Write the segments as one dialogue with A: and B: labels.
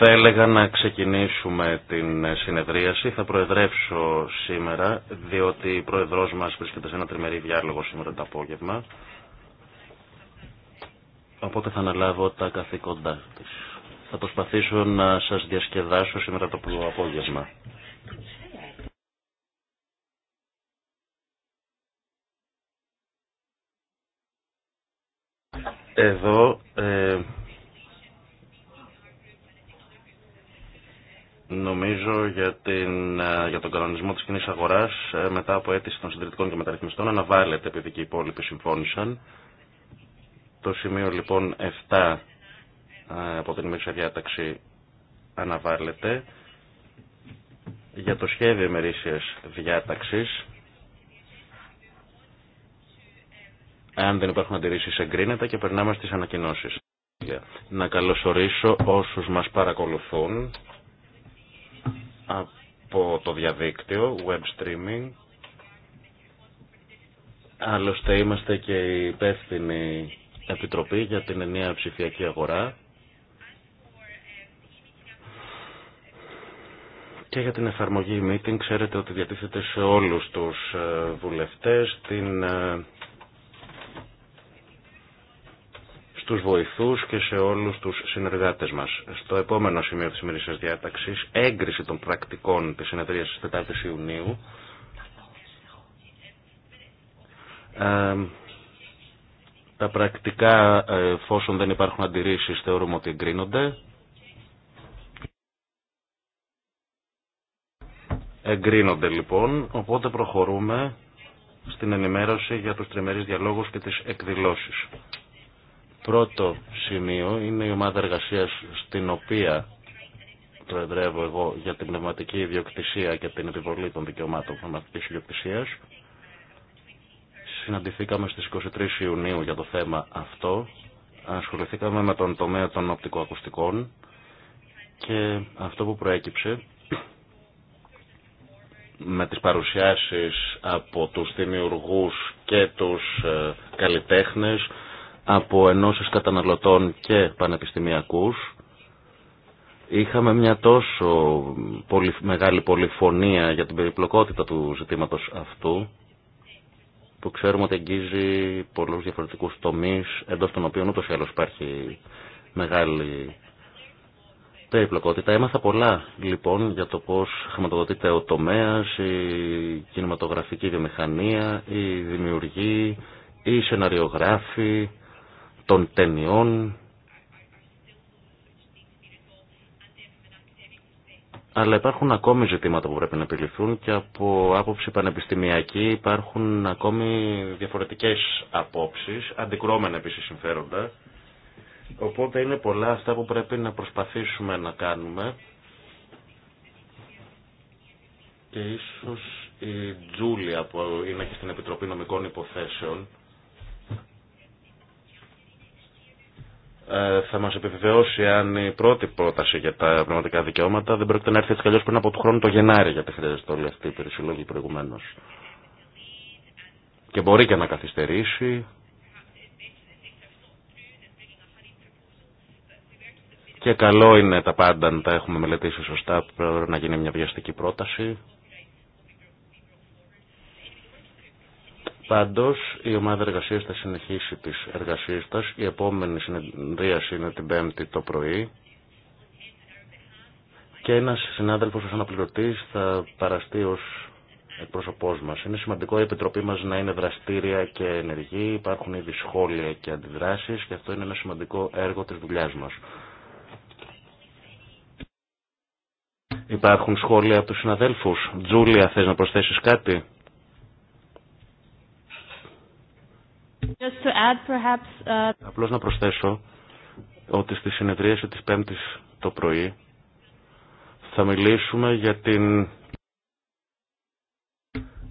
A: Θα έλεγα να ξεκινήσουμε την ε, συνεδρίαση. Θα προεδρεύσω σήμερα, διότι η πρόεδρός μας βρίσκεται σε ένα τριμερή διάλογο σήμερα το απόγευμα. Οπότε θα αναλάβω τα καθήκοντά της. Θα προσπαθήσω να σας διασκεδάσω σήμερα
B: το απόγευμα. Εδώ
A: ε, νομίζω για, την, ε, για τον κανονισμό της κοινής αγοράς ε, μετά από αίτηση των συντηρητικών και μεταρρυθμιστών αναβάλλεται επειδή και οι υπόλοιποι συμφώνησαν. Το σημείο λοιπόν 7 ε, από την ημερήσια διάταξη αναβάλλεται για το σχέδιο ημερήσιας διάταξης Εάν δεν υπάρχουν αντιρρήσει, εγκρίνεται και περνάμε στις ανακοινώσεις. Να καλωσορίσω όσους μας παρακολουθούν από το διαδίκτυο, web streaming. Άλλωστε είμαστε και η υπεύθυνη επιτροπή για την ενιαία ψηφιακή αγορά. Και για την εφαρμογή meeting ξέρετε ότι διατίθεται σε όλους τους ε, βουλευτές την ε, στους βοηθούς και σε όλους τους συνεργάτες μας. Στο επόμενο σημείο της ημερήσιας διάταξης, έγκριση των πρακτικών της συνεδρίας της 4ης Ιουνίου. Ε, τα πρακτικά, ε, εφόσον δεν υπάρχουν αντιρρήσεις, θεωρούμε ότι εγκρίνονται. Εγκρίνονται λοιπόν, οπότε προχωρούμε στην ενημέρωση για τους τριμερείς διαλόγους και τις εκδηλώσεις. Πρώτο σημείο είναι η ομάδα εργασίας στην οποία προεδρεύω εγώ για την πνευματική ιδιοκτησία και την επιβολή των δικαιωμάτων πνευματικής ιδιοκτησίας. Συναντηθήκαμε στις 23 Ιουνίου για το θέμα αυτό. Ασχοληθήκαμε με τον τομέα των οπτικοακουστικών και αυτό που προέκυψε με τις παρουσιάσεις από τους δημιουργούς και τους ε, καλλιτέχνες από ενώσεις καταναλωτών και πανεπιστημιακούς. Είχαμε μια τόσο πολύ, μεγάλη πολυφωνία για την περιπλοκότητα του ζητήματος αυτού που ξέρουμε ότι εγγύζει πολλούς διαφορετικούς τομείς εντός των οποίων ούτως ή άλλως υπάρχει μεγάλη περιπλοκότητα. Έμαθα πολλά λοιπόν για το πώς χρηματοδοτείται ο τομέας, η κινηματογραφική βιομηχανία, η δημιουργή, ή σεναριογράφοι, των ταινιών, αλλά υπάρχουν ακόμη ζητήματα που πρέπει να επιληθούν και από άποψη πανεπιστημιακή υπάρχουν ακόμη διαφορετικές απόψεις, αντικρώμενα επίσης συμφέροντα. Οπότε είναι πολλά αυτά που πρέπει να προσπαθήσουμε να κάνουμε. Και ίσως η Τζούλια που είναι και στην Επιτροπή Νομικών Υποθέσεων Ε, θα μας επιβεβαιώσει αν η πρώτη πρόταση για τα πνευματικά δικαιώματα δεν πρόκειται να έρθει έτσι καλώς πριν από το χρόνο το Γενάρη γιατί χρειάζεται όλη αυτή η περισυλλογή προηγουμένως. Και μπορεί και να καθυστερήσει. Και καλό είναι τα πάντα να τα έχουμε μελετήσει σωστά πρέπει να γίνει μια βιαστική πρόταση. Πάντω, η ομάδα εργασία θα συνεχίσει τι εργασίε τη. Η επόμενη συνεδρίαση είναι την Πέμπτη το πρωί. Και ένα συνάδελφο ω αναπληρωτή θα παραστεί ω εκπρόσωπό μα. Είναι σημαντικό η Επιτροπή μα να είναι δραστήρια και ενεργή. Υπάρχουν ήδη σχόλια και αντιδράσει και αυτό είναι ένα σημαντικό έργο τη δουλειά μα. Υπάρχουν σχόλια από του συναδέλφου. Τζούλια, θε να προσθέσει κάτι.
B: Just uh,
A: Απλώς να προσθέσω ότι στη συνεδρίαση της Πέμπτης το πρωί θα μιλήσουμε για την,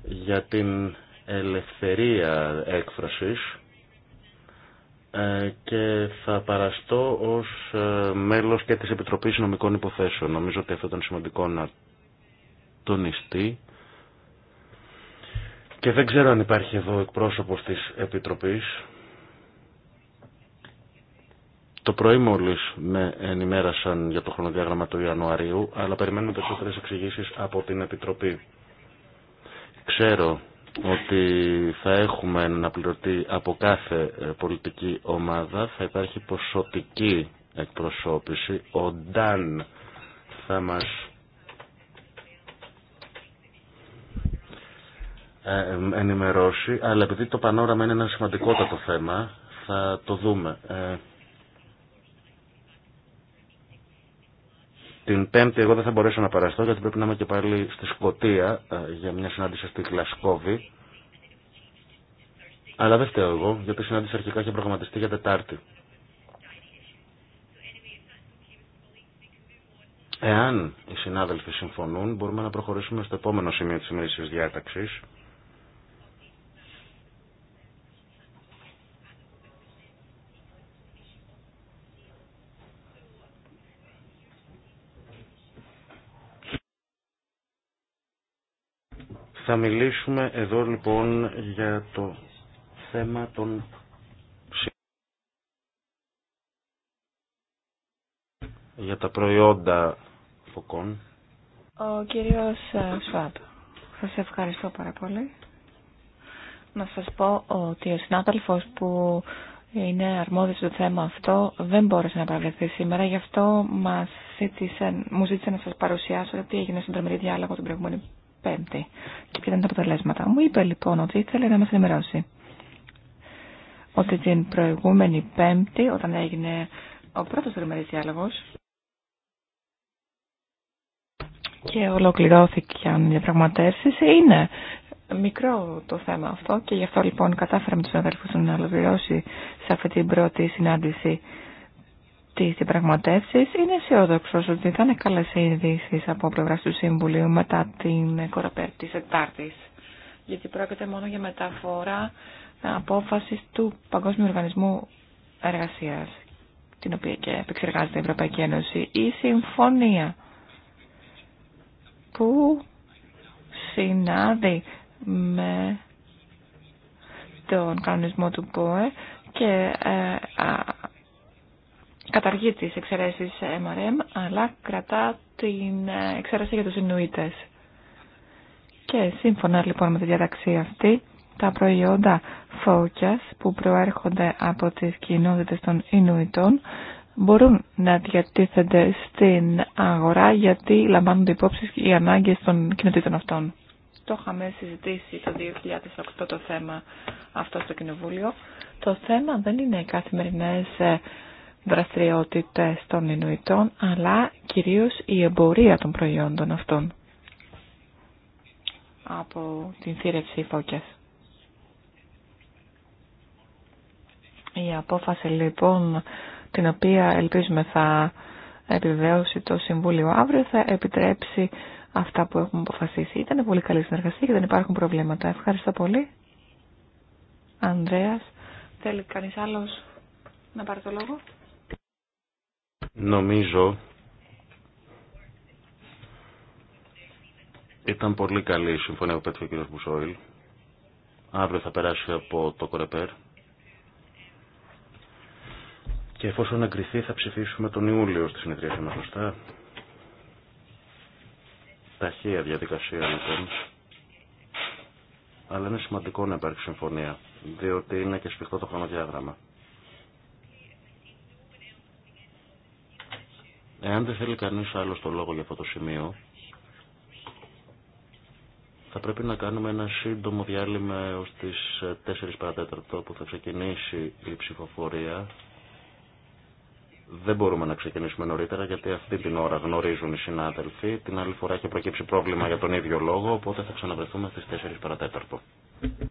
A: για την ελευθερία έκφρασης ε, και θα παραστώ ως ε, μέλος και της Επιτροπής Νομικών Υποθέσεων. Νομίζω ότι αυτό ήταν σημαντικό να τονιστεί και δεν ξέρω αν υπάρχει εδώ εκπρόσωπος της Επιτροπής. Το πρωί μόλις με ενημέρασαν για το χρονοδιάγραμμα του Ιανουαρίου, αλλά περιμένουμε περισσότερε εξηγήσει από την Επιτροπή. Ξέρω ότι θα έχουμε ένα πληρωτή από κάθε ε, πολιτική ομάδα, θα υπάρχει ποσοτική εκπροσώπηση. Ο Νταν θα μας Ε, ε, ενημερώσει, αλλά επειδή το πανόραμα είναι ένα σημαντικότατο θέμα, θα το δούμε. Ε, την Πέμπτη εγώ δεν θα μπορέσω να παραστώ γιατί πρέπει να είμαι και πάλι στη Σκοτία για μια συνάντηση στη Γλασκόβη. Αλλά δεν φταίω εγώ γιατί συνάντηση αρχικά είχε προγραμματιστεί για Τετάρτη. Εάν οι συνάδελφοι συμφωνούν μπορούμε να προχωρήσουμε στο επόμενο σημείο της σημερινής διάταξης. Θα μιλήσουμε εδώ λοιπόν για το θέμα των για τα προϊόντα φωκών.
C: Ο κύριος ε, Σουάπ, σας ευχαριστώ πάρα πολύ. Να σας πω ότι ο συνάδελφος που είναι αρμόδιος στο θέμα αυτό δεν μπόρεσε να παραβλεφθεί σήμερα, γι' αυτό μας μου ζήτησε να σας παρουσιάσω τι έγινε στον τρομερή διάλογο την προηγούμενη Πέμπτη. Και ποια ήταν τα αποτελέσματα. Μου είπε λοιπόν ότι ήθελε να μα ενημερώσει. Ότι την προηγούμενη Πέμπτη, όταν έγινε ο πρώτος τριμερής διάλογος, και ολοκληρώθηκαν οι διαπραγματεύσει. Είναι μικρό το θέμα αυτό και γι' αυτό λοιπόν κατάφεραμε του συναδέλφου να ολοκληρώσει σε αυτή την πρώτη συνάντηση τις διαπραγματεύσεις. Είναι αισιόδοξο ότι θα είναι καλέ ειδήσει από πλευρά του Συμβουλίου μετά την κοροπέ
D: της Γιατί πρόκειται μόνο για
C: μεταφορά απόφαση του Παγκόσμιου Οργανισμού εργασία, την οποία και επεξεργάζεται η Ευρωπαϊκή Ένωση. Η συμφωνία που συνάδει με τον κανονισμό του ΠΟΕ και ε, καταργεί τις εξαιρέσεις MRM, αλλά κρατά την εξαίρεση για τους Ινουίτες. Και σύμφωνα λοιπόν με τη διαταξή αυτή, τα προϊόντα φώκιας που προέρχονται από τις κοινότητες των Ινουιτών μπορούν να διατίθενται στην αγορά γιατί λαμβάνονται υπόψη οι ανάγκες των κοινοτήτων αυτών. Το είχαμε συζητήσει το 2008 το θέμα αυτό στο Κοινοβούλιο. Το θέμα δεν είναι οι καθημερινές ε, δραστηριότητες των Ινουητών, αλλά κυρίως η εμπορία των προϊόντων αυτών από την θύρευση φώκιας. Η απόφαση λοιπόν την οποία ελπίζουμε θα επιβεβαίωσει το Συμβούλιο αύριο θα επιτρέψει αυτά που έχουμε αποφασίσει. Ήταν πολύ καλή συνεργασία και δεν υπάρχουν προβλήματα. Ευχαριστώ πολύ. Ανδρέας, θέλει κανείς άλλος να πάρει το λόγο.
A: Νομίζω ήταν πολύ καλή η συμφωνία που πέτυχε ο κ. Μπουσόιλ. Αύριο θα περάσει από το Κορεπέρ. Και εφόσον εγκριθεί θα ψηφίσουμε τον Ιούλιο στη συνεδρία μας, σωστά. Ταχεία διαδικασία λοιπόν. Αλλά είναι σημαντικό να υπάρχει συμφωνία, διότι είναι και σφιχτό το χρονοδιάγραμμα. Εάν δεν θέλει κανείς άλλο το λόγο για αυτό το σημείο, θα πρέπει να κάνουμε ένα σύντομο διάλειμμα έως τις 4 που θα ξεκινήσει η ψηφοφορία. Δεν μπορούμε να ξεκινήσουμε νωρίτερα γιατί αυτή την ώρα γνωρίζουν οι συνάδελφοι. Την άλλη φορά έχει προκύψει πρόβλημα για τον ίδιο λόγο, οπότε θα ξαναβρεθούμε στις 4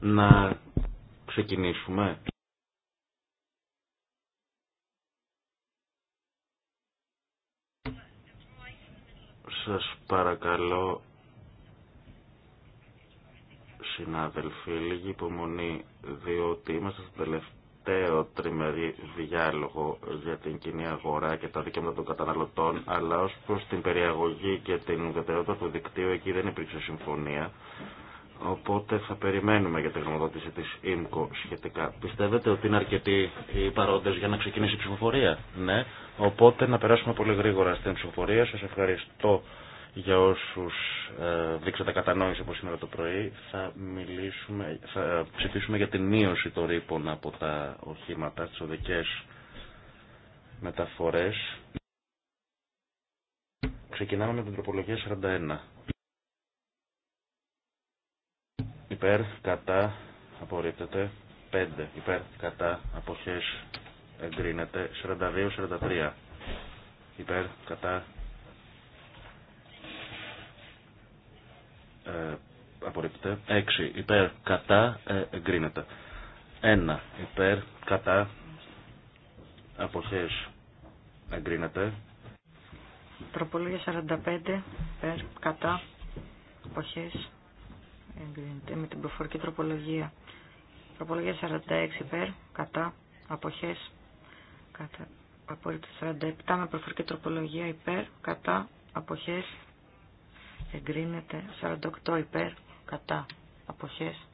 A: Να ξεκινήσουμε. Σας παρακαλώ, συνάδελφοι, λίγη υπομονή, διότι είμαστε στο τελευταίο τριμερή διάλογο για την κοινή αγορά και τα δικαιώματα των καταναλωτών, αλλά ως προς την περιαγωγή και την ουδετερότητα του δικτύου, εκεί δεν υπήρξε συμφωνία Οπότε θα περιμένουμε για τη γνωμοδότηση της ΙΜΚΟ σχετικά. Πιστεύετε ότι είναι αρκετοί οι παρόντες για να ξεκινήσει η ψηφοφορία. Ναι. Οπότε να περάσουμε πολύ γρήγορα στην ψηφοφορία. Σας ευχαριστώ για όσους ε, δείξατε κατανόηση από σήμερα το πρωί. Θα, μιλήσουμε, θα ψηφίσουμε για την μείωση των ρήπων από τα οχήματα τις οδικές μεταφορές. Ξεκινάμε με την τροπολογία 41 υπέρ, κατά, απορρίπτεται. 5 υπέρ, κατά, αποχές, εγκρίνεται. 42-43 υπέρ, κατά, ε, απορρίπτεται. 6 υπέρ, κατά, ε, εγκρίνεται. 1 υπέρ, κατά, αποχές, εγκρίνεται.
D: Τροπολογία 45 υπέρ, κατά, αποχές, εγκρίνεται με την προφορική τροπολογία. Τροπολογία 46 υπέρ, κατά, αποχές, κατά, απόλυτη 47 με προφορική τροπολογία υπέρ, κατά, αποχές, εγκρίνεται 48 υπέρ, κατά, αποχές,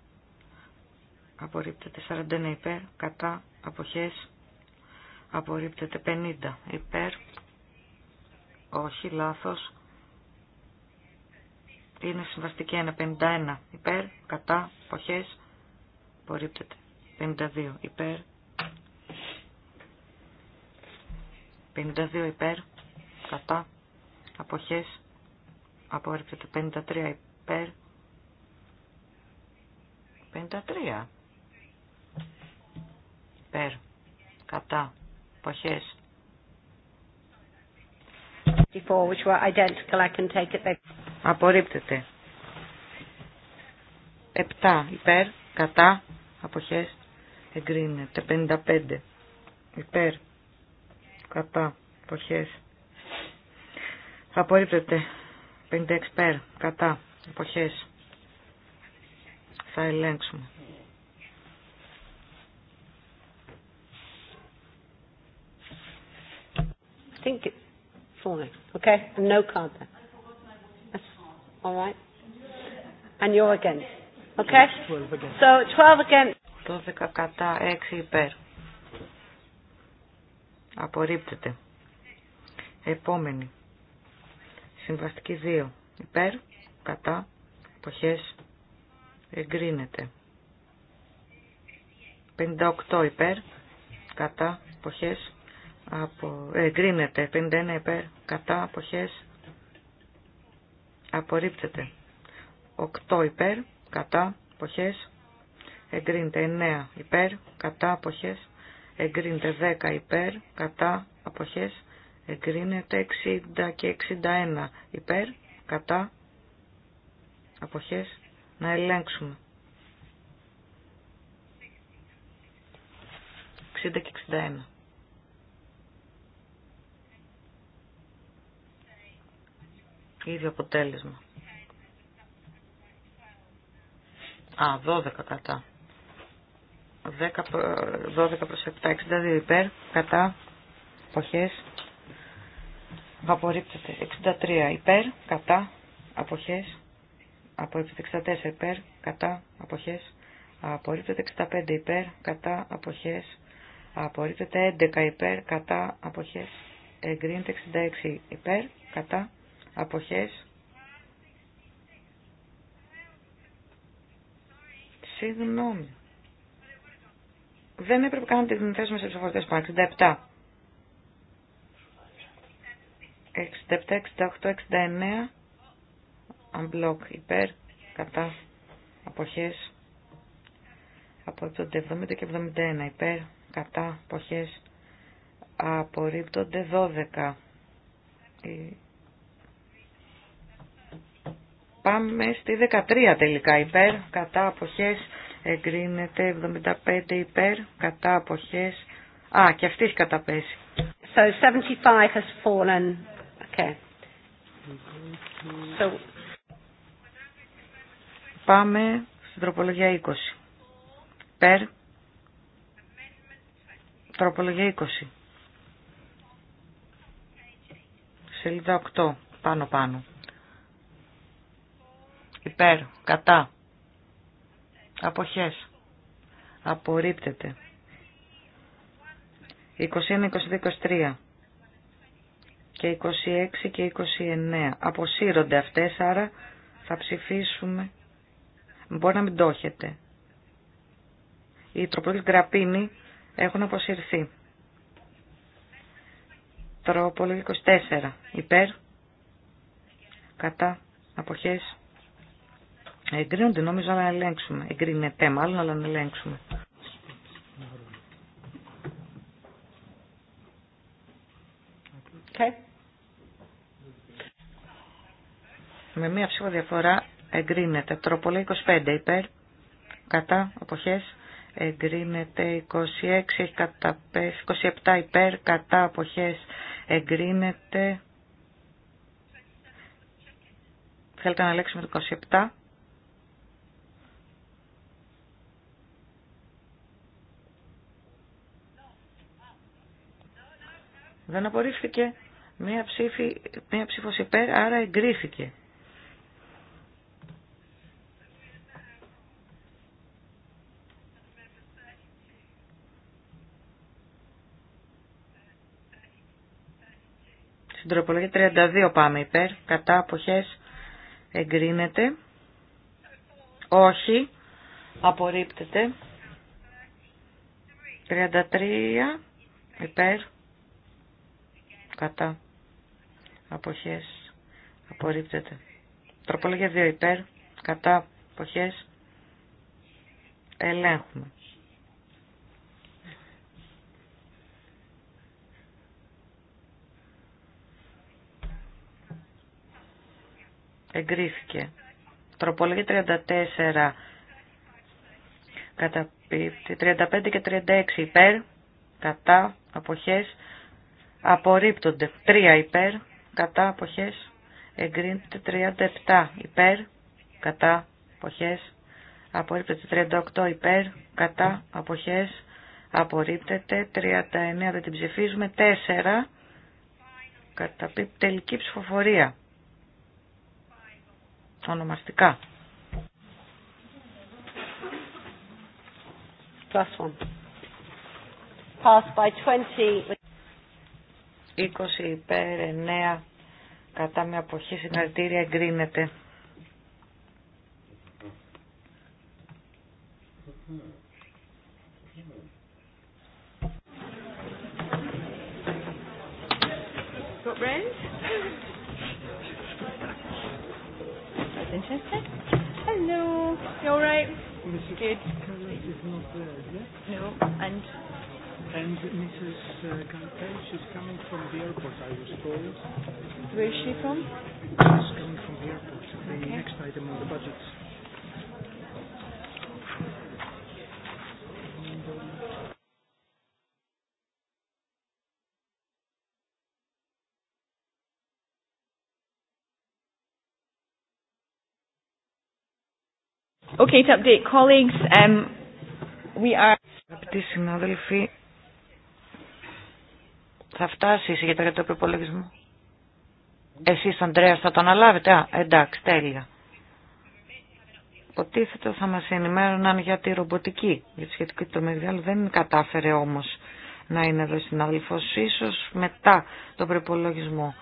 D: απορρίπτεται 49 υπέρ, κατά, αποχές, απορρίπτεται 50 υπέρ, όχι, λάθος, είναι συμβαστική 1.51 υπέρ, κατά, αποχές, απορρίπτεται. 52 υπέρ, 52 υπέρ, κατά, αποχές, απορρίπτεται. 53 υπέρ, 53 υπέρ, κατά, αποχές,
B: which were
D: Απορρίπτεται. 7 υπέρ, κατά, αποχές, εγκρίνεται. 55 υπέρ, κατά, αποχές, απορρίπτεται. 56 υπέρ, κατά, αποχές, θα ελέγξουμε.
B: I think All right. And you're again, Okay? 12 So 12
D: against. κατά, 6 υπέρ. Απορρίπτεται. Επόμενη. Συμβαστική 2. Υπέρ, κατά, εποχές, εγκρίνεται. 58 υπέρ, κατά, εποχές, απο... Ε, εγκρίνεται. 51 υπέρ, κατά, εποχές, απορρίπτεται. 8 υπέρ, κατά, αποχές, εγκρίνεται. 9 υπέρ, κατά, αποχές, εγκρίνεται. 10 υπέρ, κατά, αποχές, εγκρίνεται. 60 και 61 υπέρ, κατά, αποχές, να ελέγξουμε. 60 και 61. Ίδιο αποτέλεσμα. Α, 12 κατά. 12 προς 7, 62 υπέρ, κατά, αποχές, απορρίπτεται. 63 υπέρ, κατά, αποχές, απορρίπτεται. 64 υπέρ, κατά, αποχές, απορρίπτεται. 65 υπέρ, κατά, αποχές, απορρίπτεται. 11 υπέρ, κατά, αποχές, εγκρίνεται. 66 υπέρ, κατά, αποχές συγγνώμη δεν έπρεπε καν να την θέσουμε σε ψηφοφορτές πάνω 67 67, 68, 69 unblock υπέρ κατά αποχές απορρίπτονται 70 και 71 υπέρ κατά αποχές απορρίπτονται 12 Πάμε στη 13 τελικά υπέρ, κατά αποχές εγκρίνεται 75 υπέρ, κατά αποχές. Α, και αυτή έχει καταπέσει. So 75 has fallen. Okay. Πάμε στην τροπολογία 20. Περ. Τροπολογία 20. Σελίδα 8. Πάνω πάνω υπέρ, κατά, αποχές, απορρίπτεται. 21, 22, 23 και 26 και 29. Αποσύρονται αυτές, άρα θα ψηφίσουμε. Μπορεί να μην το έχετε. Οι τροπολίτες γραπίνη έχουν αποσυρθεί. Τροπολίτες 24. Υπέρ. Κατά. Αποχές. Εγκρίνονται νομίζω να ελέγξουμε. Εγκρίνεται μάλλον, αλλά να ελέγξουμε. Okay. Με μία ψήφο διαφορά εγκρίνεται. λέει 25 υπέρ, κατά, αποχές, εγκρίνεται 26, έχει 27 υπέρ, κατά, αποχές, εγκρίνεται. Θέλετε να λέξουμε το 27. Δεν απορρίφθηκε μία, ψήφι, μία ψήφος υπέρ, άρα εγκρίθηκε. Στην τροπολογία 32 πάμε υπέρ. Κατά αποχές εγκρίνεται. Όχι. Απορρίπτεται. 33 υπέρ κατά αποχές απορρίπτεται. Τροπολογία 2 υπέρ, κατά αποχές ελέγχουμε. Εγκρίθηκε. Τροπολογία 34 κατά 35 και 36 υπέρ, κατά αποχές απορρίπτονται 3 υπέρ, κατά αποχές εγκρίνεται 37 υπέρ, κατά αποχές απορρίπτεται 38 υπέρ, κατά αποχές απορρίπτεται 39 δεν την ψηφίζουμε 4 κατά τελική ψηφοφορία ονομαστικά. Plus one. Passed by 20. 20 υπέρ 9 κατά μια αποχή
B: συγχαρητήρια
D: εγκρίνεται.
B: And Mrs. Gantel, she's coming from the airport, I was told. Where is she from? She's coming from the airport, the okay. next item on the budget. Okay, to update
D: colleagues, um, we are... Αγαπητοί συνάδελφοι, θα φτάσει η για το προπολογισμό. Εσεί, Αντρέα θα το αναλάβετε. Α, εντάξει, τέλεια. Υποτίθεται θα μα ενημέρωναν για τη ρομποτική, για τη σχετική του Δεν κατάφερε όμω να είναι εδώ αδελφό. ίσως μετά τον προπολογισμό.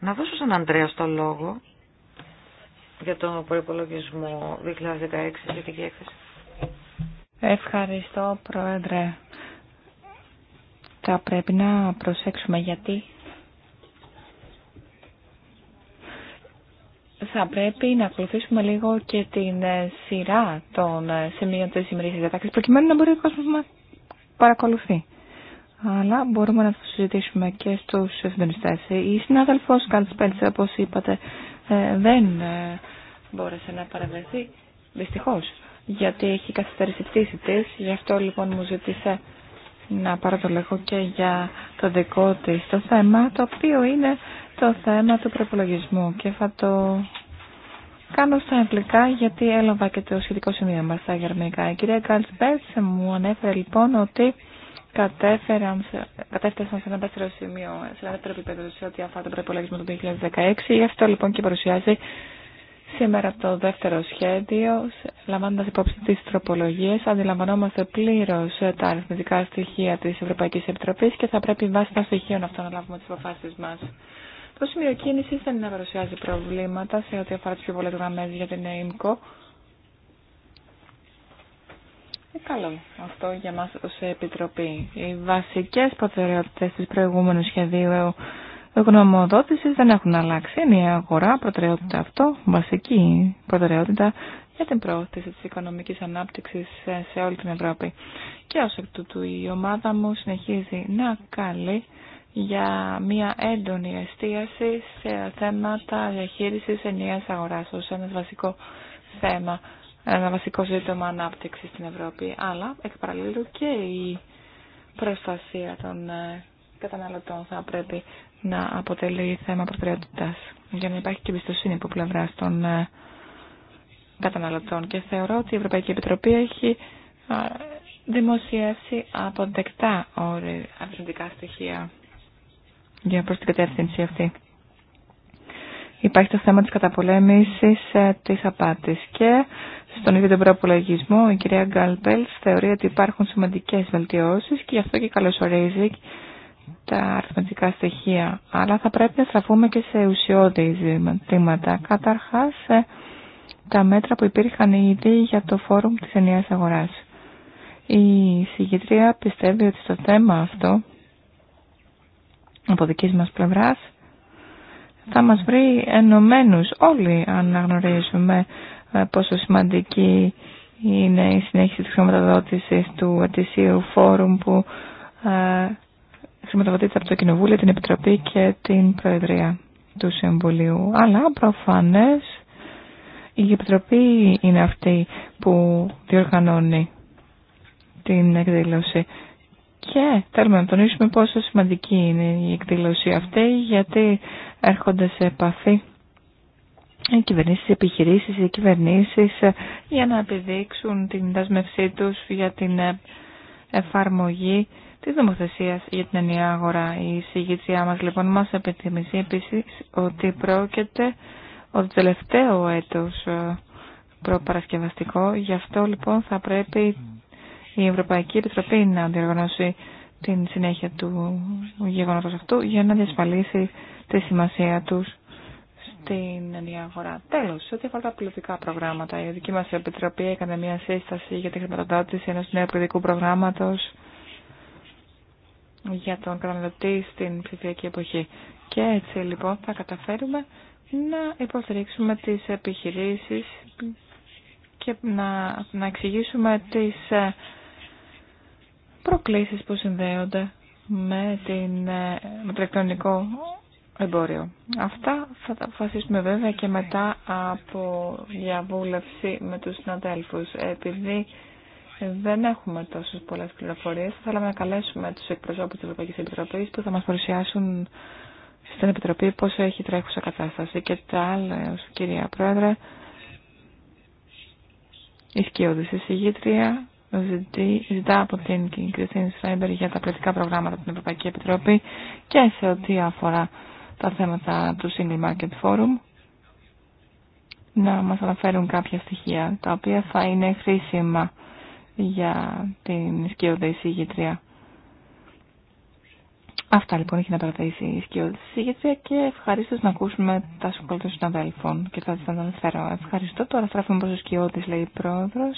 D: Να δώσω στον Αντρέα το λόγο για τον προπολογισμό 2016 την έκθεση.
C: Ευχαριστώ, Πρόεδρε θα πρέπει να προσέξουμε γιατί θα πρέπει να ακολουθήσουμε λίγο και την ε, σειρά των ε, σημείων της σημερινής διατάξης προκειμένου να μπορεί ο κόσμος να παρακολουθεί. Αλλά μπορούμε να το συζητήσουμε και στους συντονιστές. Η συνάδελφος Καλτ Σπέλτσε, όπως είπατε, ε, δεν μπόρεσε να παραβρεθεί, δυστυχώς, γιατί έχει καθυστερήσει πτήση της. Γι' αυτό λοιπόν μου ζήτησε να πάρω το λόγο και για το δικό τη το θέμα, το οποίο είναι το θέμα του προπολογισμού και θα το κάνω στα αγγλικά γιατί έλαβα και το σχετικό σημείο μας στα γερμανικά. Η κυρία Καλτσπέρτς μου ανέφερε λοιπόν ότι κατέφεραν, σε ένα δεύτερο σημείο, σε ένα δεύτερο επίπεδο σε ό,τι αφορά τον προπολογισμό του 2016. Γι' αυτό λοιπόν και παρουσιάζει Σήμερα το δεύτερο σχέδιο, λαμβάνοντας υπόψη τις τροπολογίες, αντιλαμβανόμαστε πλήρως τα αριθμητικά στοιχεία της Ευρωπαϊκής Επιτροπής και θα πρέπει βάσει των στοιχείων αυτών να λάβουμε τις αποφάσεις μας. Το σημείο κίνηση δεν είναι να παρουσιάζει προβλήματα σε ό,τι αφορά τις πιο πολλές γραμμές για την ΕΙΜΚΟ. Ε, καλό αυτό για μας ως Επιτροπή. Οι βασικές προτεραιότητες της προηγούμενου σχεδίου γνωμοδότησης δεν έχουν αλλάξει. Είναι η αγορά, προτεραιότητα αυτό, βασική προτεραιότητα για την πρόθεση της οικονομικής ανάπτυξης σε όλη την Ευρώπη. Και ως εκ τούτου η ομάδα μου συνεχίζει να καλεί για μια έντονη εστίαση σε θέματα διαχείρισης ενιαίας αγοράς ως ένα βασικό θέμα, ένα βασικό ζήτημα ανάπτυξης στην Ευρώπη. Αλλά εκ παραλλήλου και η προστασία των ε, καταναλωτών θα πρέπει να αποτελεί θέμα προτεραιότητας για να υπάρχει και εμπιστοσύνη από πλευρά των ε, καταναλωτών. Και θεωρώ ότι η Ευρωπαϊκή Επιτροπή έχει ε, δημοσιεύσει αποδεκτά αρνητικά στοιχεία για προς την κατεύθυνση αυτή. Υπάρχει το θέμα της καταπολέμησης ε, της απάτης και στον ίδιο τον προπολογισμό η κυρία Γκάλπελ θεωρεί ότι υπάρχουν σημαντικές βελτιώσεις και γι' αυτό και καλωσορίζει τα αριθμητικά στοιχεία, αλλά θα πρέπει να στραφούμε και σε ουσιώδη ζητήματα. Καταρχάς, ε, τα μέτρα που υπήρχαν ήδη για το φόρουμ της ενιαίας αγοράς. Η συγκεντρία πιστεύει ότι στο θέμα αυτό, από δική μας πλευράς, θα μας βρει ενωμένου όλοι αν αναγνωρίζουμε ε, πόσο σημαντική είναι η συνέχιση της χρηματοδότησης του ετησίου φόρουμ που ε, χρηματοδοτείται από το Κοινοβούλιο, την Επιτροπή και την Προεδρία του Συμβουλίου. Αλλά προφανές η Επιτροπή είναι αυτή που διοργανώνει την εκδήλωση. Και θέλουμε να τονίσουμε πόσο σημαντική είναι η εκδήλωση αυτή, γιατί έρχονται σε επαφή οι κυβερνήσεις, οι επιχειρήσεις, οι κυβερνήσεις ε, για να επιδείξουν την δασμευσή τους για την ε, εφαρμογή τη νομοθεσία για την ενιαία αγορά. Η συγγήτριά μα λοιπόν μα επιθυμίζει επίση ότι πρόκειται ότι τελευταίο έτο ε, προπαρασκευαστικό. Γι' αυτό λοιπόν θα πρέπει η Ευρωπαϊκή Επιτροπή να διοργανώσει την συνέχεια του γεγονότο αυτού για να διασφαλίσει τη σημασία του στην ενιαία αγορά. Τέλος, σε ό,τι αφορά τα πιλωτικά προγράμματα, η δική μα Επιτροπή έκανε μια σύσταση για τη χρηματοδότηση ενό νέου πιλωτικού προγράμματο για τον καταναλωτή στην ψηφιακή εποχή. Και έτσι λοιπόν θα καταφέρουμε να υποστηρίξουμε τις επιχειρήσεις και να, να εξηγήσουμε τις ε, προκλήσεις που συνδέονται με, την, ε, με το εμπόριο. Αυτά θα τα αποφασίσουμε βέβαια και μετά από διαβούλευση με τους συναδέλφους. Επειδή δεν έχουμε τόσε πολλέ πληροφορίε. Θα θέλαμε να καλέσουμε του εκπροσώπου τη Ευρωπαϊκή Επιτροπή που θα μα παρουσιάσουν στην Επιτροπή πώ έχει τρέχουσα κατάσταση. Και τα άλλα, κυρία Πρόεδρε, η σκιώδη εισηγήτρια ζητά από την Κριστίνη Σφέμπερ για τα πρακτικά προγράμματα από την Ευρωπαϊκή Επιτροπή και σε ό,τι αφορά τα θέματα του Single Market Forum να μας αναφέρουν κάποια στοιχεία τα οποία θα είναι χρήσιμα για την σκιώδη ηγετρία. Αυτά λοιπόν έχει να παραθέσει η σκιώδη ηγετρία και ευχαρίστω να ακούσουμε τα σχόλια των συναδέλφων και θα τα αναφέρω. Ευχαριστώ. Τώρα στράφουμε προ το σκιώδη, λέει η πρόεδρο.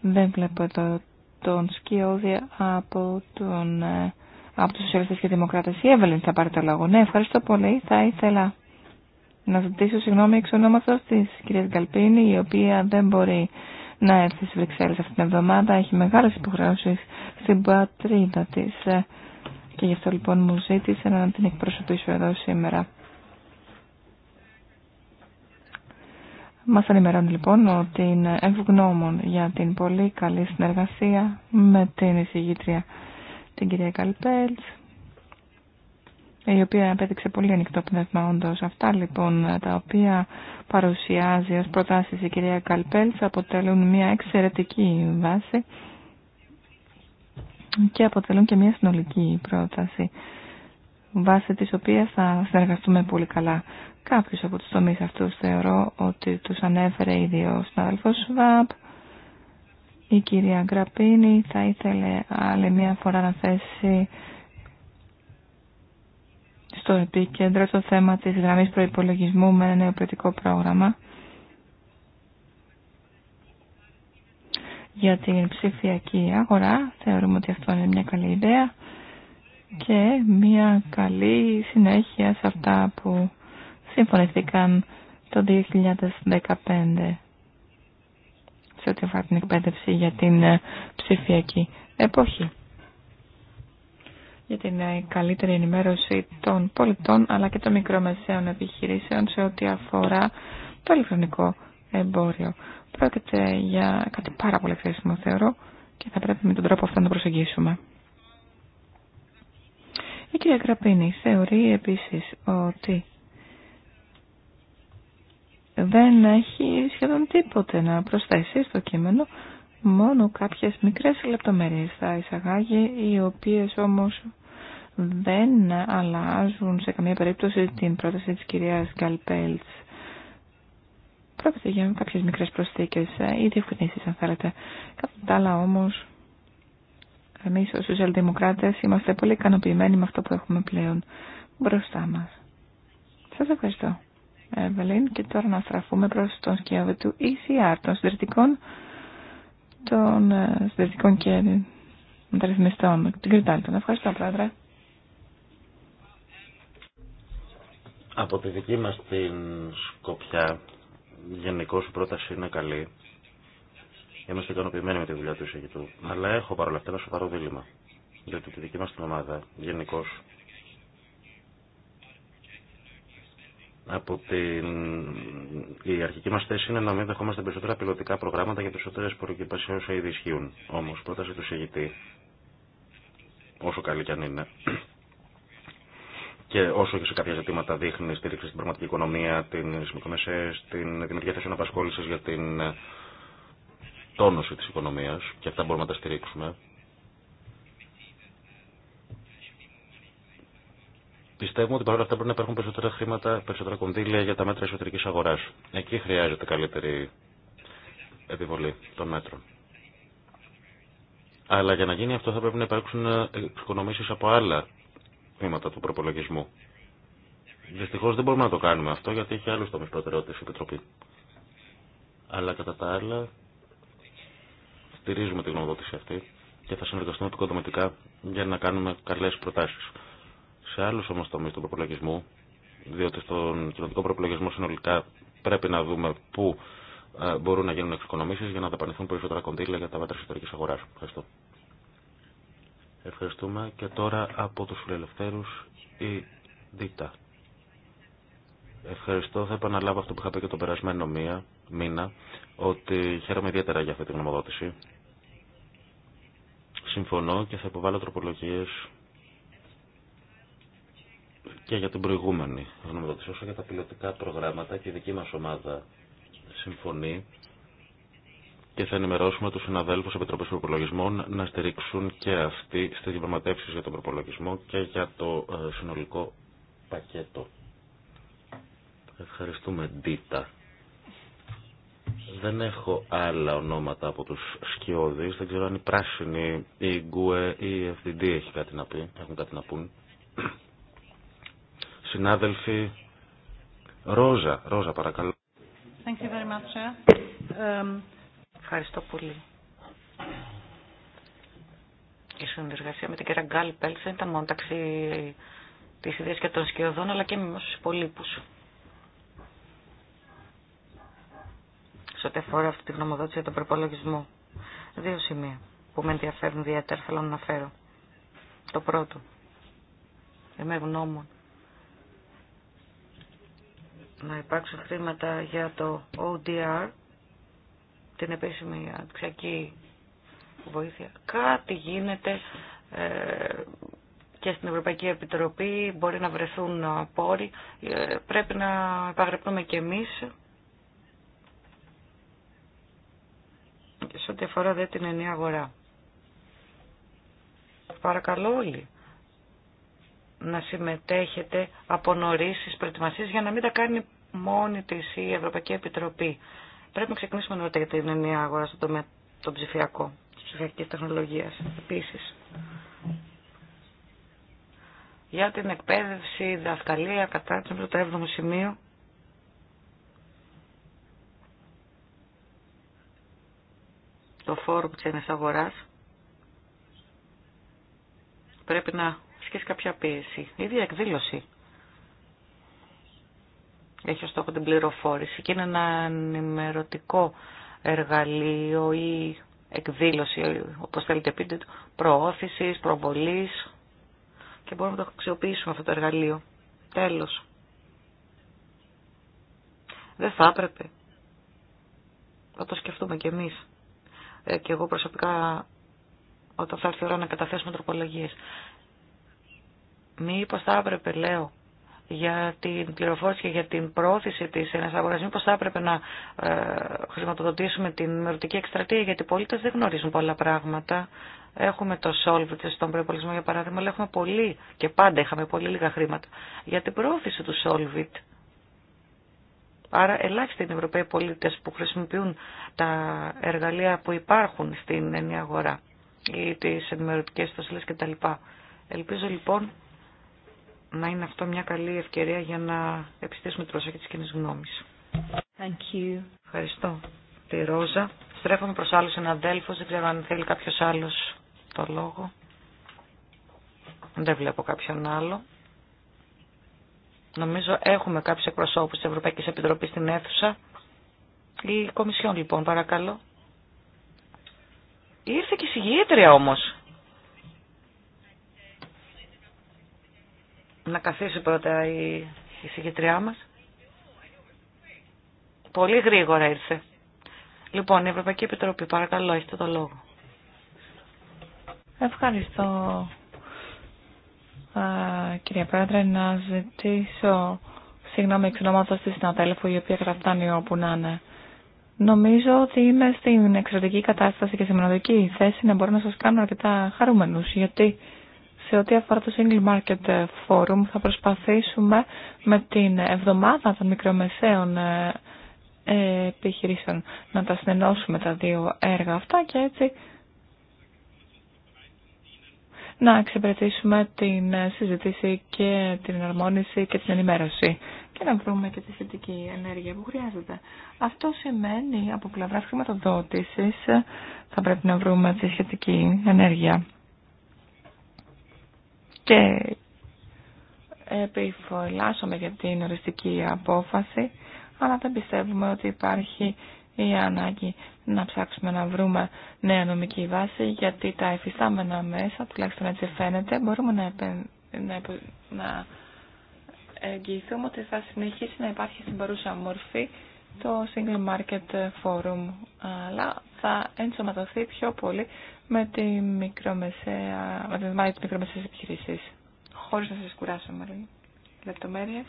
C: Δεν βλέπω εδώ τον σκιώδη από τον. Ε, από τους Σοσιαλιστές και Δημοκράτες, η Εύελιν θα πάρει το λόγο. Ναι, ευχαριστώ πολύ. Θα ήθελα να ζητήσω συγγνώμη εξ ονόματος της κυρίας Γκαλπίνη, η οποία δεν μπορεί να έρθει στις Βρυξέλλες αυτήν την εβδομάδα. Έχει μεγάλες υποχρεώσεις στην πατρίδα της ε, και γι' αυτό λοιπόν μου ζήτησε να την εκπροσωπήσω εδώ σήμερα. Μας ενημερώνει λοιπόν ότι είναι ευγνώμων για την πολύ καλή συνεργασία με την εισηγήτρια την κυρία Καλπέλτς η οποία επέδειξε πολύ ανοιχτό πνεύμα όντως. Αυτά λοιπόν τα οποία παρουσιάζει ως προτάσεις η κυρία Καλπέλς αποτελούν μια εξαιρετική βάση και αποτελούν και μια συνολική πρόταση βάση της οποίας θα συνεργαστούμε πολύ καλά. Κάποιους από τους τομείς αυτούς θεωρώ ότι τους ανέφερε ήδη ο συνάδελφος ΣΒΑΠ, η κυρία Γκραπίνη θα ήθελε άλλη μια φορά να θέσει στο επίκεντρο το θέμα της γραμμής προϋπολογισμού με ένα νεοποιητικό πρόγραμμα για την ψηφιακή αγορά. Θεωρούμε ότι αυτό είναι μια καλή ιδέα και μια καλή συνέχεια σε αυτά που συμφωνηθήκαν το 2015 σε ό,τι αφορά την εκπαίδευση για την ψηφιακή εποχή για την ε, καλύτερη ενημέρωση των πολιτών αλλά και των μικρομεσαίων επιχειρήσεων σε ό,τι αφορά το ηλεκτρονικό εμπόριο. Πρόκειται για κάτι πάρα πολύ χρήσιμο θεωρώ και θα πρέπει με τον τρόπο αυτό να το προσεγγίσουμε. Η κυρία Κραπίνη θεωρεί επίσης ότι δεν έχει σχεδόν τίποτε να προσθέσει στο κείμενο μόνο κάποιες μικρές λεπτομέρειες θα εισαγάγει, οι οποίες όμως δεν αλλάζουν σε καμία περίπτωση την πρόταση της κυρίας Γκαλπέλτς. Πρόκειται για κάποιες μικρές προσθήκες ε, ή διευκρινήσεις αν θέλετε. Κατά τα άλλα όμως, εμείς ως σοσιαλδημοκράτες είμαστε πολύ ικανοποιημένοι με αυτό που έχουμε πλέον μπροστά μας. Σας ευχαριστώ. και τώρα να στραφούμε προς τον σκιάβε του ECR των συντηρητικών των ε, συντηρητικών και μεταρρυθμιστών. Την Κρυτάλτον. Ευχαριστώ, Πρόεδρε.
A: Από τη δική μας την Σκοπιά, γενικώ η πρόταση είναι καλή. Είμαστε ικανοποιημένοι με τη δουλειά του εισαγητού Αλλά έχω παρόλα αυτά ένα σοβαρό δίλημα. Διότι τη δική μας την ομάδα, γενικώς από την... Η αρχική μας θέση είναι να μην δεχόμαστε περισσότερα πιλωτικά προγράμματα για περισσότερες προκύπασεις όσο ήδη ισχύουν. Όμως, πρόταση του συγητή, όσο καλή κι αν είναι, και όσο και σε κάποια ζητήματα δείχνει στήριξη στην πραγματική οικονομία, την μικρομεσαίε, την δημιουργία θέσεων απασχόληση για την τόνωση τη οικονομία, και αυτά μπορούμε να τα στηρίξουμε. Πιστεύουμε ότι παρόλα αυτά πρέπει να υπάρχουν περισσότερα χρήματα, περισσότερα κονδύλια για τα μέτρα εσωτερική αγορά. Εκεί χρειάζεται καλύτερη επιβολή των μέτρων. Αλλά για να γίνει αυτό θα πρέπει να υπάρξουν εξοικονομήσει από άλλα τμήματα του προπολογισμού. Δυστυχώ δεν μπορούμε να το κάνουμε αυτό γιατί έχει άλλου τομεί προτεραιότητε η Επιτροπή. Αλλά κατά τα άλλα στηρίζουμε τη γνωμοδότηση αυτή και θα συνεργαστούμε επικοδομητικά για να κάνουμε καλέ προτάσει σε άλλου όμω τομεί του προπολογισμού, διότι στον κοινωνικό προπολογισμό συνολικά πρέπει να δούμε πού ε, μπορούν να γίνουν εξοικονομήσει για να δαπανηθούν περισσότερα κονδύλια για τα μέτρα εσωτερική αγορά. Ευχαριστώ. Ευχαριστούμε και τώρα από του φιλελευθέρου η Δίτα. Ευχαριστώ. Θα επαναλάβω αυτό που είχα πει και τον περασμένο μία, μήνα, ότι χαίρομαι ιδιαίτερα για αυτή την γνωμοδότηση. Συμφωνώ και θα υποβάλω τροπολογίες και για την προηγούμενη γνωμοδότηση. Όσο για τα πιλωτικά προγράμματα και η δική μας ομάδα συμφωνεί και θα ενημερώσουμε του συναδέλφου Επιτροπή Προπολογισμών να στηρίξουν και αυτοί στι διαπραγματεύσει για τον προπολογισμό και για το ε, συνολικό πακέτο. Ευχαριστούμε, Ντίτα. Δεν έχω άλλα ονόματα από τους σκιώδεις. Δεν ξέρω αν η Πράσινη, η Γκουε ή η FDD έχει κάτι να πει, έχουν κάτι να πούν. Συνάδελφοι, Ρόζα, Ρόζα
D: παρακαλώ. Thank you um, ευχαριστώ πολύ. Η συνεργασία με την κυρία Γκάλι Πέλτσα ήταν μόνο ταξί της ιδέας και των σκιωδών, αλλά και με τους υπολείπους. Σε ό,τι αφορά αυτή τη γνωμοδότηση για τον προπολογισμό. Δύο σημεία που με ενδιαφέρουν ιδιαίτερα θέλω να αναφέρω. Το πρώτο. Είμαι γνώμων να υπάρξουν χρήματα για το ODR, την επίσημη αντιξιακή βοήθεια. Κάτι γίνεται ε, και στην Ευρωπαϊκή Επιτροπή μπορεί να βρεθούν πόροι. Ε, πρέπει να επαγρυπνούμε και εμείς. Σε ό,τι αφορά δε την ενιαία αγορά. Παρακαλώ όλοι να συμμετέχετε από νωρί προετοιμασίες για να μην τα κάνει μόνη τη η Ευρωπαϊκή Επιτροπή. Πρέπει να ξεκινήσουμε νωρίτερα για την μια αγορά στον τομέα των ψηφιακών, της ψηφιακή τεχνολογία επίση. Για την εκπαίδευση, δασκαλία, κατάρτιση, το 7ο σημείο. Το φόρουμ της αγοράς. Πρέπει να ασκήσει κάποια πίεση. Η ίδια εκδήλωση έχει ως στόχο την πληροφόρηση και είναι ένα ενημερωτικό εργαλείο ή εκδήλωση, όπως θέλετε πείτε προώθηση προώθησης, προβολής και μπορούμε να το αξιοποιήσουμε αυτό το εργαλείο. Τέλος. Δεν θα έπρεπε. Θα το σκεφτούμε κι εμείς. Ε, και εγώ προσωπικά όταν θα έρθει η ώρα να καταθέσουμε τροπολογίες μήπω θα έπρεπε, λέω, για την πληροφόρηση και για την πρόθεση τη ένα αγορά. Μήπω θα έπρεπε να ε, χρηματοδοτήσουμε την ερωτική εκστρατεία, γιατί οι πολίτε δεν γνωρίζουν πολλά πράγματα. Έχουμε το Solvit στον προπολογισμό, για παράδειγμα, αλλά έχουμε πολύ και πάντα είχαμε πολύ λίγα χρήματα για την πρόθεση του Solvit. Άρα ελάχιστοι είναι οι Ευρωπαίοι πολίτες που χρησιμοποιούν τα εργαλεία που υπάρχουν στην ενιαγορά αγορά ή τις ενημερωτικές τα κτλ. Ελπίζω λοιπόν να είναι αυτό μια καλή ευκαιρία για να επιστήσουμε την προσοχή της κοινής γνώμης. Ευχαριστώ τη Ρόζα. Στρέφομαι προς άλλους συναδέλφους, δεν ξέρω αν θέλει κάποιος άλλος το λόγο. Δεν βλέπω κάποιον άλλο. Νομίζω έχουμε κάποιους εκπροσώπους της Ευρωπαϊκής Επιτροπής στην αίθουσα. Η Κομισιόν λοιπόν, παρακαλώ. Ήρθε και η συγγήτρια όμως. Να καθίσει πρώτα η συγκεκριά μας. Πολύ γρήγορα ήρθε. Λοιπόν, η Ευρωπαϊκή Επιτροπή, παρακαλώ, έχετε το λόγο.
C: Ευχαριστώ, κυρία Πρόεδρε, να ζητήσω συγγνώμη εξ ονόματος της συναδέλφου, η οποία κρατάνει όπου να είναι. Νομίζω ότι είμαι στην εξαιρετική κατάσταση και σε μοναδική θέση να μπορώ να σα κάνω αρκετά χαρούμενους, γιατί σε ό,τι αφορά το Single Market Forum θα προσπαθήσουμε με την εβδομάδα των μικρομεσαίων ε, επιχειρήσεων να τα συνενώσουμε τα δύο έργα αυτά και έτσι να εξυπηρετήσουμε την συζήτηση και την εναρμόνιση και την ενημέρωση και να βρούμε και τη θετική ενέργεια που χρειάζεται. Αυτό σημαίνει από πλευρά χρηματοδότηση θα πρέπει να βρούμε τη σχετική ενέργεια και επιφωλάσσομαι για την οριστική απόφαση, αλλά δεν πιστεύουμε ότι υπάρχει η ανάγκη να ψάξουμε να βρούμε νέα νομική βάση, γιατί τα εφιστάμενα μέσα, τουλάχιστον έτσι φαίνεται, μπορούμε να, επεν... να... να εγγυηθούμε ότι θα συνεχίσει να υπάρχει στην παρούσα μορφή το Single Market Forum, αλλά θα ενσωματωθεί πιο πολύ με, τη μικρομεσαία, με τις της μικρομεσαίες επιχειρήσεις. Χωρίς να σας κουράσω μόλι λεπτομέρειες.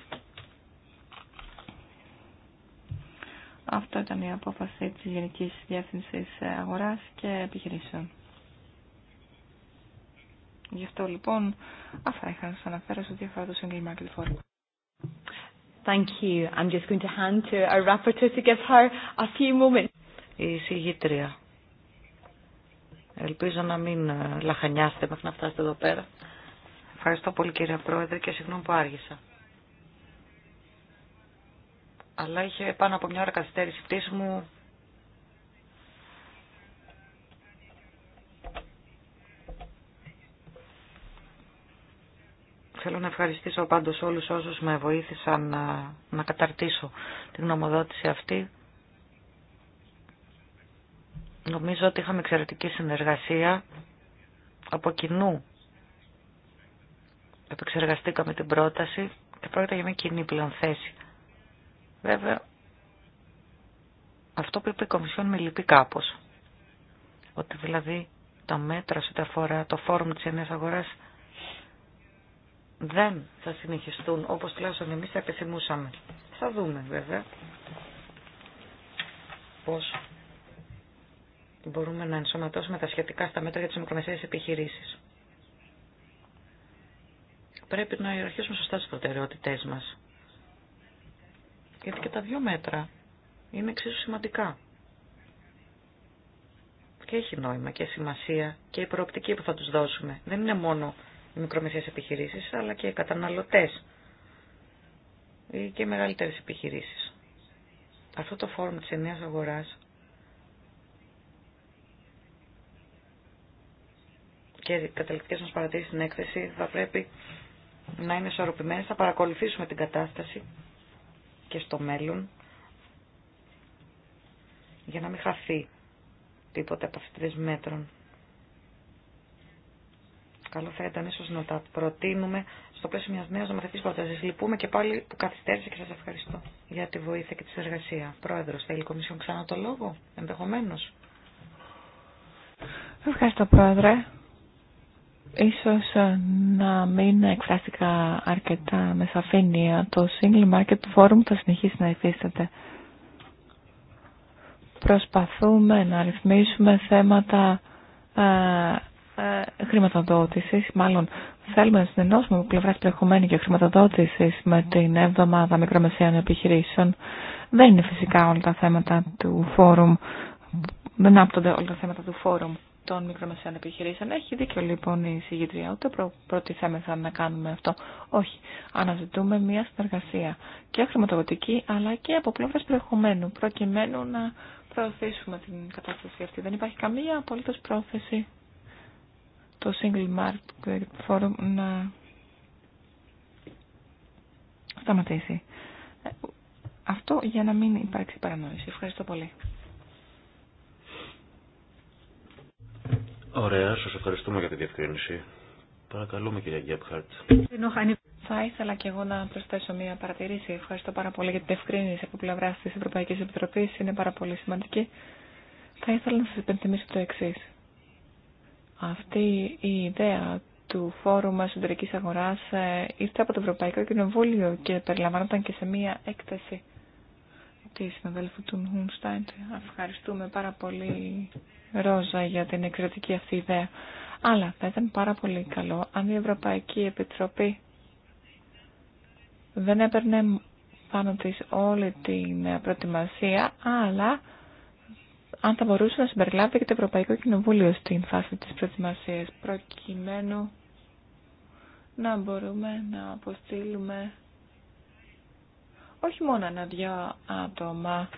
C: Αυτό ήταν η απόφαση της Γενικής Διεύθυνσης Αγοράς και Επιχειρήσεων. Γι' αυτό λοιπόν αυτά είχα να σας αναφέρω στο διαφορά του Single Market Forum. Thank you. I'm just going to hand
D: to our rapporteur to give her a few moments. Η συγγήτρια. Ελπίζω να μην ε, λαχανιάσετε μέχρι να φτάσετε εδώ πέρα. Ευχαριστώ πολύ κύριε Πρόεδρε και συγγνώμη που άργησα. Αλλά είχε πάνω από μια ώρα καθυστέρηση πτήση μου Θέλω να ευχαριστήσω πάντως όλους όσους με βοήθησαν να, ε, να καταρτήσω την νομοδότηση αυτή. Νομίζω ότι είχαμε εξαιρετική συνεργασία. Από κοινού επεξεργαστήκαμε την πρόταση και πρόκειται για μια κοινή πλέον θέση. Βέβαια, αυτό που είπε η Κομισιόν με λυπεί κάπως. Ότι δηλαδή τα μέτρα σε αφορά το φόρουμ της ενέας αγοράς δεν θα συνεχιστούν όπως τουλάχιστον εμείς θα επιθυμούσαμε. Θα δούμε βέβαια πώς μπορούμε να ενσωματώσουμε τα σχετικά στα μέτρα για τις μικρομεσαίες επιχειρήσεις. Πρέπει να ιεραρχήσουμε σωστά τις προτεραιότητές μας. Γιατί και τα δύο μέτρα είναι εξίσου σημαντικά. Και έχει νόημα και σημασία και η προοπτική που θα τους δώσουμε. Δεν είναι μόνο μικρομεσαίες επιχειρήσεις, αλλά και οι καταναλωτές ή και οι μεγαλύτερες επιχειρήσεις. Αυτό το φόρουμ της εννέας αγοράς και οι καταληκτικές μας παρατηρήσεις στην έκθεση θα πρέπει να είναι ισορροπημένες, θα παρακολουθήσουμε την κατάσταση και στο μέλλον για να μην χαθεί τίποτα από αυτές τις μέτρων καλό θα ήταν ίσω να τα προτείνουμε στο πλαίσιο μιας νέας νομοθετικής πρόταση. Λυπούμε και πάλι που καθυστέρησε και σα ευχαριστώ για τη βοήθεια και τη συνεργασία. Πρόεδρο, θέλει η Κομισιόν ξανά το λόγο, Ενδεχομένω.
C: Ευχαριστώ, Πρόεδρε. Ίσως ε, να μην εκφράστηκα αρκετά με σαφήνεια. Το Single Market Forum θα συνεχίσει να υφίσταται. Προσπαθούμε να ρυθμίσουμε θέματα ε, ε, χρηματοδότηση, μάλλον θέλουμε να συνενώσουμε από πλευράς περιεχομένου και χρηματοδότηση με την εβδομάδα μικρομεσαίων επιχειρήσεων. Δεν είναι φυσικά όλα τα θέματα του φόρουμ, δεν άπτονται όλα τα θέματα του φόρουμ των μικρομεσαίων επιχειρήσεων. Έχει δίκιο λοιπόν η συγγεντρία, ούτε προ, προτιθέμεθα να κάνουμε αυτό. Όχι, αναζητούμε μια συνεργασία και χρηματοδοτική αλλά και από πλευρά περιεχομένου προκειμένου να προωθήσουμε την κατάσταση αυτή. Δεν υπάρχει καμία απολύτως πρόθεση το Single Market Forum να σταματήσει. Αυτό για να μην υπάρξει παρανόηση. Ευχαριστώ πολύ.
A: Ωραία, σας ευχαριστούμε για τη διευκρίνηση. Παρακαλούμε κυρία Γκέπχαρτ.
C: Θα ήθελα και εγώ να προσθέσω μια παρατηρήση. Ευχαριστώ πάρα πολύ για την διευκρίνηση από πλευρά τη Ευρωπαϊκή Επιτροπή. Είναι πάρα πολύ σημαντική. Θα ήθελα να σα υπενθυμίσω το εξή. Αυτή η ιδέα του Φόρουμ Εσωτερική Αγορά ε, ήρθε από το Ευρωπαϊκό Κοινοβούλιο και περιλαμβάνονταν και σε μία έκθεση τη συναδέλφου του Χουνστάιντ. Ευχαριστούμε πάρα πολύ, Ρόζα, για την εξαιρετική αυτή ιδέα. Αλλά θα ήταν πάρα πολύ καλό αν η Ευρωπαϊκή Επιτροπή δεν έπαιρνε πάνω της όλη την προετοιμασία, αλλά αν θα μπορούσε να συμπεριλάβει και το Ευρωπαϊκό Κοινοβούλιο στην φάση της προετοιμασίας, προκειμένου να μπορούμε να αποστείλουμε όχι μόνο ένα-δυο άτομα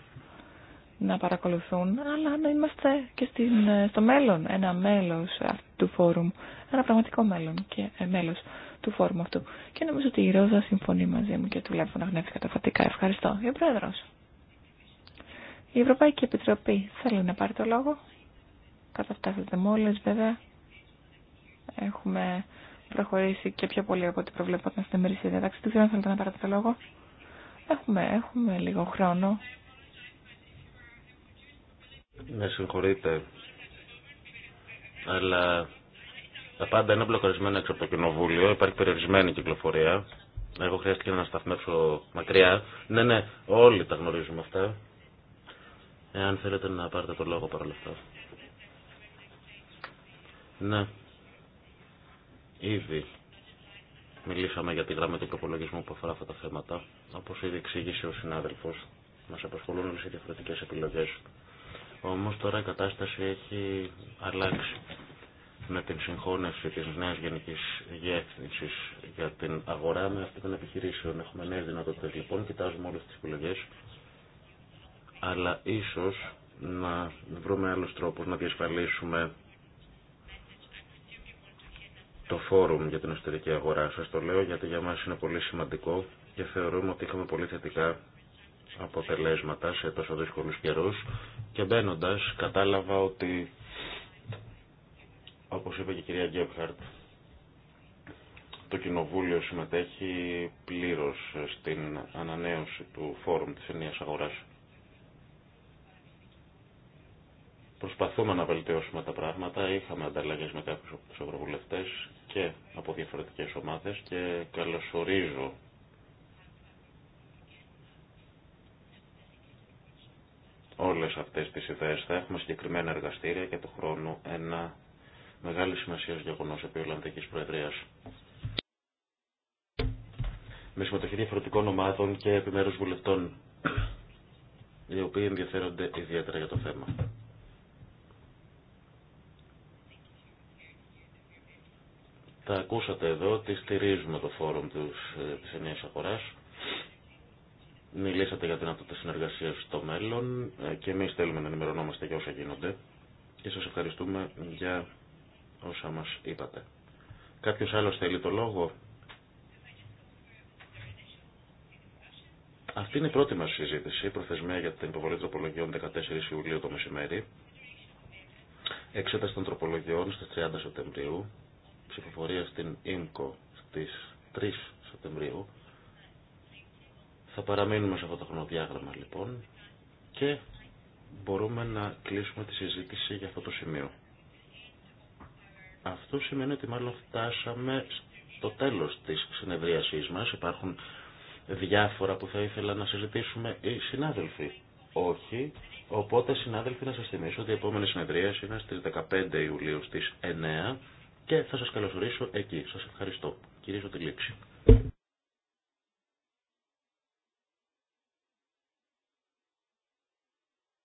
C: να παρακολουθούν, αλλά να είμαστε και στην, στο μέλλον ένα μέλος του φόρουμ, ένα πραγματικό μέλλον και ε, μέλος του φόρουμ αυτού. Και νομίζω ότι η Ρόζα συμφωνεί μαζί μου και τουλάχιστον να γνέψει καταφατικά. Ευχαριστώ. Για πρόεδρος. Η Ευρωπαϊκή Επιτροπή θέλει να πάρει το λόγο. Καταφτάσατε μόλις βέβαια. Έχουμε προχωρήσει και πιο πολύ από ό,τι προβλεπόταν στην ημερήσια διάταξη. Δεν θέλετε να πάρετε το λόγο. Έχουμε, έχουμε λίγο χρόνο.
A: Με συγχωρείτε, αλλά τα πάντα είναι μπλοκαρισμένα έξω από το κοινοβούλιο, υπάρχει περιορισμένη κυκλοφορία. Εγώ χρειάστηκε να σταθμεύσω μακριά. Ναι, ναι, όλοι τα γνωρίζουμε αυτά εάν θέλετε να πάρετε το λόγο παρόλα Ναι. Ήδη μιλήσαμε για τη γραμμή του προπολογισμού που αφορά αυτά τα θέματα. Όπως ήδη εξήγησε ο συνάδελφος, μας απασχολούν όλες οι διαφορετικές επιλογές. Όμως τώρα η κατάσταση έχει αλλάξει με την συγχώνευση της νέας γενικής διεύθυνσης για την αγορά με αυτή των επιχειρήσεων. Έχουμε νέες δυνατότητες λοιπόν, κοιτάζουμε όλες τις επιλογές αλλά ίσως να βρούμε άλλους τρόπους να διασφαλίσουμε το φόρουμ για την εσωτερική αγορά. Σας το λέω γιατί για μας είναι πολύ σημαντικό και θεωρούμε ότι είχαμε πολύ θετικά αποτελέσματα σε τόσο δύσκολους καιρούς και μπαίνοντα κατάλαβα ότι όπως είπε και η κυρία Γκέμπχαρτ το Κοινοβούλιο συμμετέχει πλήρως στην ανανέωση του φόρουμ της ενίας αγοράς. Προσπαθούμε να βελτιώσουμε τα πράγματα. Είχαμε ανταλλαγέ με κάποιου από του ευρωβουλευτέ και από διαφορετικέ ομάδε και καλωσορίζω όλε αυτέ τι ιδέε. Θα έχουμε συγκεκριμένα εργαστήρια και του χρόνου ένα μεγάλη σημασία γεγονό επί Ολλανδική Προεδρία. Με συμμετοχή διαφορετικών ομάδων και επιμέρου βουλευτών, οι οποίοι ενδιαφέρονται ιδιαίτερα για το θέμα. Θα ακούσατε εδώ ότι στηρίζουμε το φόρουμ τους, ε, της ενιαίας αγοράς. Μιλήσατε για δυνατότητα συνεργασία στο μέλλον ε, και εμείς θέλουμε να ενημερωνόμαστε για όσα γίνονται και σας ευχαριστούμε για όσα μας είπατε. Κάποιος άλλος θέλει το λόγο. Αυτή είναι η πρώτη μας συζήτηση, προθεσμία για την υποβολή τροπολογιών 14 Ιουλίου το μεσημέρι. Εξέταση των τροπολογιών στις 30 Σεπτεμβρίου ψηφοφορία στην ΙΜΚΟ στις 3 Σεπτεμβρίου. Θα παραμείνουμε σε αυτό το χρονοδιάγραμμα λοιπόν και μπορούμε να κλείσουμε τη συζήτηση για αυτό το σημείο. Αυτό σημαίνει ότι μάλλον φτάσαμε στο τέλος της συνεδρίασής μας. Υπάρχουν διάφορα που θα ήθελα να συζητήσουμε οι συνάδελφοι. Όχι, οπότε συνάδελφοι να σας θυμίσω ότι η επόμενη συνεδρίαση είναι στις 15 Ιουλίου στις 9 και θα σας καλωσορίσω εκεί. Σας ευχαριστώ. Κυρίζω τη λήξη.